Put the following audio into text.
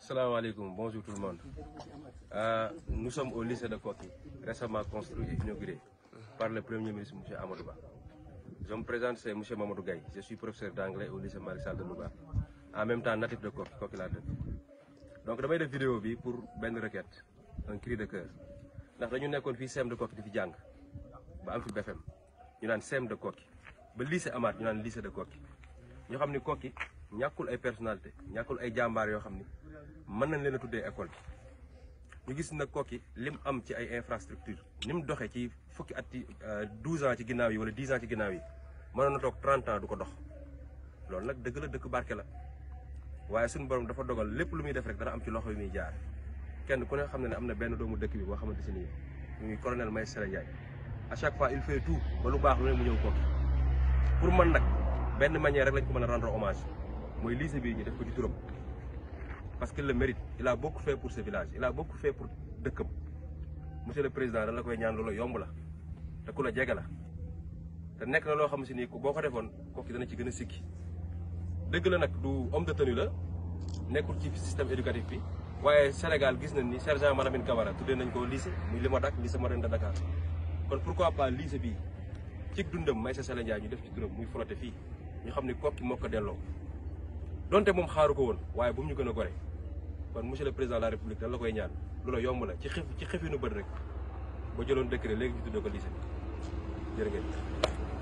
Salaamaaleykum, bonjour tout le monde. Euh, nous sommes au lycée de Koki, récemment construit et inauguré par le Premier ministre M. Amadouba. Je me présente, c'est M. Mamadou Gaye. Je suis professeur d'anglais au lycée Maréchal de Louga. En même temps, natif de Koki, Koki laa dëkk. Donc damay def vidéo bi pour benn requête, un cri de cœur. Ndax dañu nekkoon fii CEM de Koki di fi jàng ba am fi BFM ñu naan CEM de Koki ba lycée amaat ñu naan lycée de Koki ñu xam ni Koki ñàkkul ay personnalité ñàkkul ay jàmbaar yoo xam ni mën nañ leen a tuddee école bi ñu gis nag kooki mu am ci ay infrastructure ni mu doxee ci fukki at yi euh, douze ans ci ginnaaw yi wala dix ans ci ginnaaw yi mën na toog trente ans du ko dox loolu nag dëgg la dëkk barke la waaye suñu borom dafa dogal lépp lu muy def rek dana am ci loxo yi muy jaar kenn ku ne xam ne ne am na benn doomu dëkk bi boo xamante si nii muy colonel Maïs Sélé Ndiaye à chaque fois il fait tout lu baax lu ne ñëw kooki pour man nag benn manière lañ ko mën a rendre hommage mooy lycée bii ñu def ko ci turam parce qu'il le mérite il bokk beaucoup fait pour ce village il a beaucoup fait pour dëkkam monsieur le président da la koy ñaan loola yomb la te ku la jege la te nekk na loo xam si ku boo ko defoon kooku dana ci gën a sikki dëgg la nag du homme de tenue la nekkul ci système éducatif bi waaye Sénégal gis nañ ni sergent Malamine Camara tuddee nañ ko lycée muy Limodak lycée moderne de Dakar kon pourquoi pas lycée bii cig dundam ma Sélé Ndiaye ñu def ci turam muy frotté fii ñu xam ni kooku moo ko delloo donte moom xaaru ko woon waaye bu mu ñu gën a gore kon monsieur le président de la république dal la koy ñaan loola yomb na ci xef ci xefinu bët rek ba jëloon décret léegi ñu tuddee ko lycée jërë